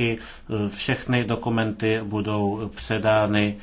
Eh, všechny dokumenty budou předány